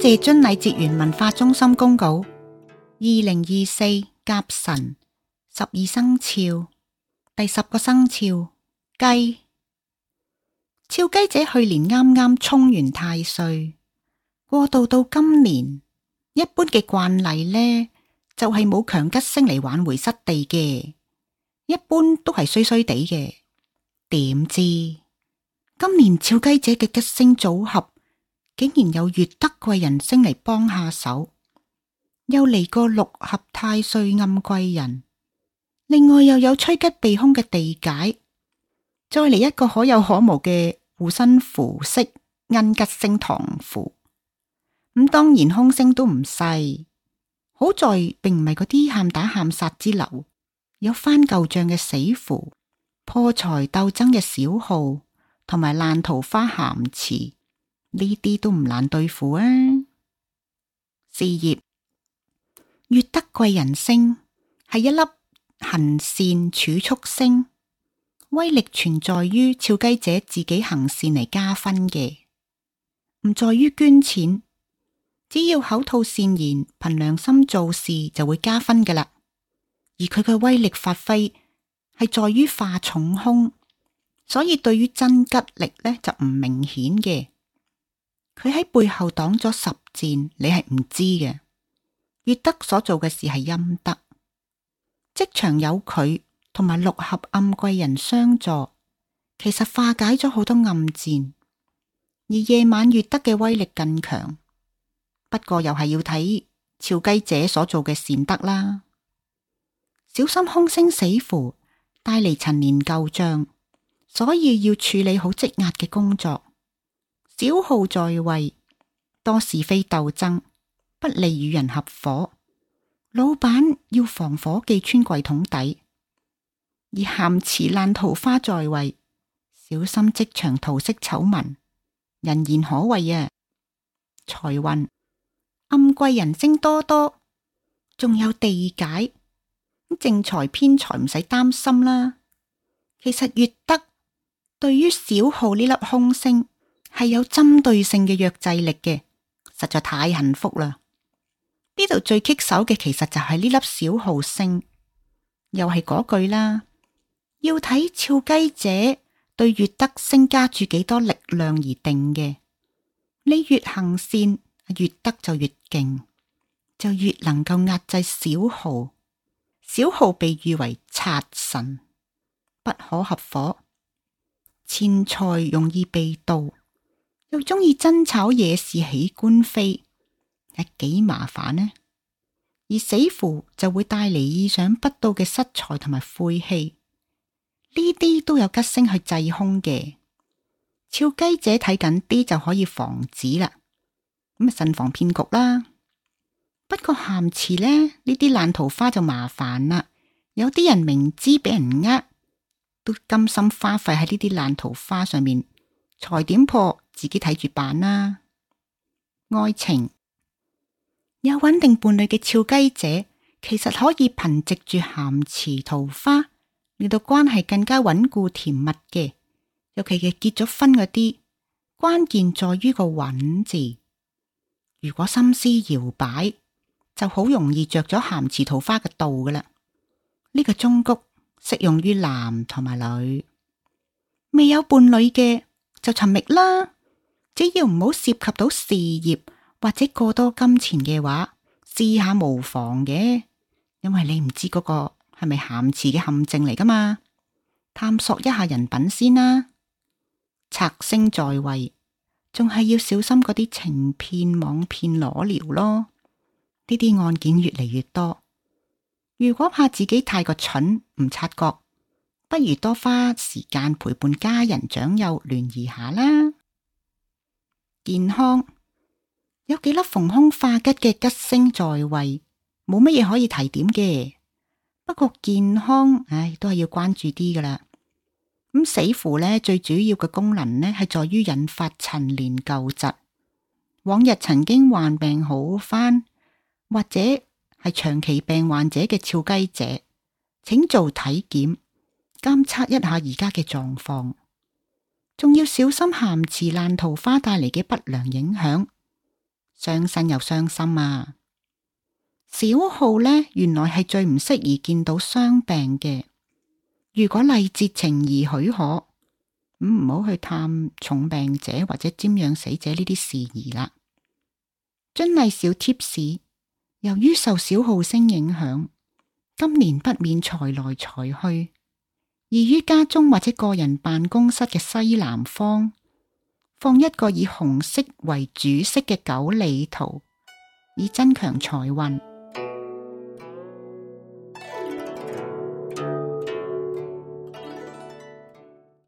謝遵禮節園文化中心公告：二零二四甲辰十二生肖第十個生肖雞，肖雞者去年啱啱沖完太歲，過渡到今年，一般嘅慣例呢，就係冇強吉星嚟挽迴失地嘅，一般都係衰衰地嘅。點知今年肖雞者嘅吉星組合？竟然有月德貴人星嚟幫下手，又嚟個六合太歲暗貴人，另外又有催吉避凶嘅地解，再嚟一個可有可無嘅護身符式印吉星唐符。咁當然凶星都唔細，好在並唔係嗰啲喊打喊殺之流，有翻舊賬嘅死符，破財鬥爭嘅小耗，同埋爛桃花咸池。呢啲都唔難對付啊！事業，月德貴人星係一粒行善儲蓄星，威力存在於肖雞者自己行善嚟加分嘅，唔在於捐錢。只要口吐善言，憑良心做事就會加分㗎喇。而佢嘅威力發揮係在於化重空，所以對於真吉力呢就唔明顯嘅。佢喺背後擋咗十箭，你係唔知嘅。月德所做嘅事係陰德，職場有佢同埋六合暗貴人相助，其實化解咗好多暗箭。而夜晚月德嘅威力更強，不過又係要睇肖雞者所做嘅善德啦。小心凶星死符帶嚟陳年舊賬，所以要處理好積壓嘅工作。小耗在位，多是非鬥爭，不利與人合伙。老闆要防火忌穿櫃桶底，而咸池爛桃花在位，小心職場桃色醜聞。人言可畏啊！財運暗貴人星多多，仲有地解正財偏財唔使擔心啦。其實月德對於小耗呢粒空星。係有針對性嘅壓制力嘅，實在太幸福啦！呢度最棘手嘅其實就係呢粒小耗星，又係嗰句啦，要睇肖雞者對月德星加住幾多力量而定嘅。你越行善，越德就越勁，就越能夠壓制小耗。小耗被譽為賊神，不可合夥，錢財容易被盜。又中意爭吵惹事起官非，係幾麻煩呢？而死符就會帶嚟意想不到嘅失財同埋晦氣，呢啲都有吉星去制空嘅。肖雞姐睇緊啲就可以防止啦，咁啊慎防騙局啦。不過咸池呢，呢啲爛桃花就麻煩啦，有啲人明知俾人呃，都甘心花費喺呢啲爛桃花上面，財點破？自己睇住辦啦。愛情，有穩定伴侶嘅肖雞者，其實可以憑藉住咸池桃花，令到關係更加穩固甜蜜嘅。尤其係結咗婚嗰啲，關鍵在於個穩字。如果心思搖擺，就好容易着咗咸池桃花嘅道㗎喇。呢、這個忠告適用於男同埋女。未有伴侶嘅就尋覓啦。只要唔好涉及到事業或者過多金錢嘅話，試下無妨嘅，因為你唔知嗰個係咪咸池嘅陷阱嚟噶嘛。探索一下人品先啦，賊星在位，仲係要小心嗰啲情騙網騙裸聊咯。呢啲案件越嚟越多，如果怕自己太過蠢唔察覺，不如多花時間陪伴家人長幼聯誼下啦。健康有幾粒逢凶化吉嘅吉星在位，冇乜嘢可以提點嘅。不過健康，唉，都係要關注啲㗎喇。咁死符呢，最主要嘅功能呢係在於引發陳年舊疾。往日曾經患病好返，或者係長期病患者嘅肖雞者，請做體檢，監測一下而家嘅狀況。仲要小心咸池爛桃花帶嚟嘅不良影響，傷身又傷心啊！小耗呢，原來係最唔適宜見到傷病嘅。如果禮節情儀許可，唔好去探重病者或者瞻仰死者呢啲事宜啦。尊禮小貼士：由於受小耗星影響，今年不免財來財去。而於家中或者個人辦公室嘅西南方，放一個以紅色為主色嘅九鯉圖，以增強財運。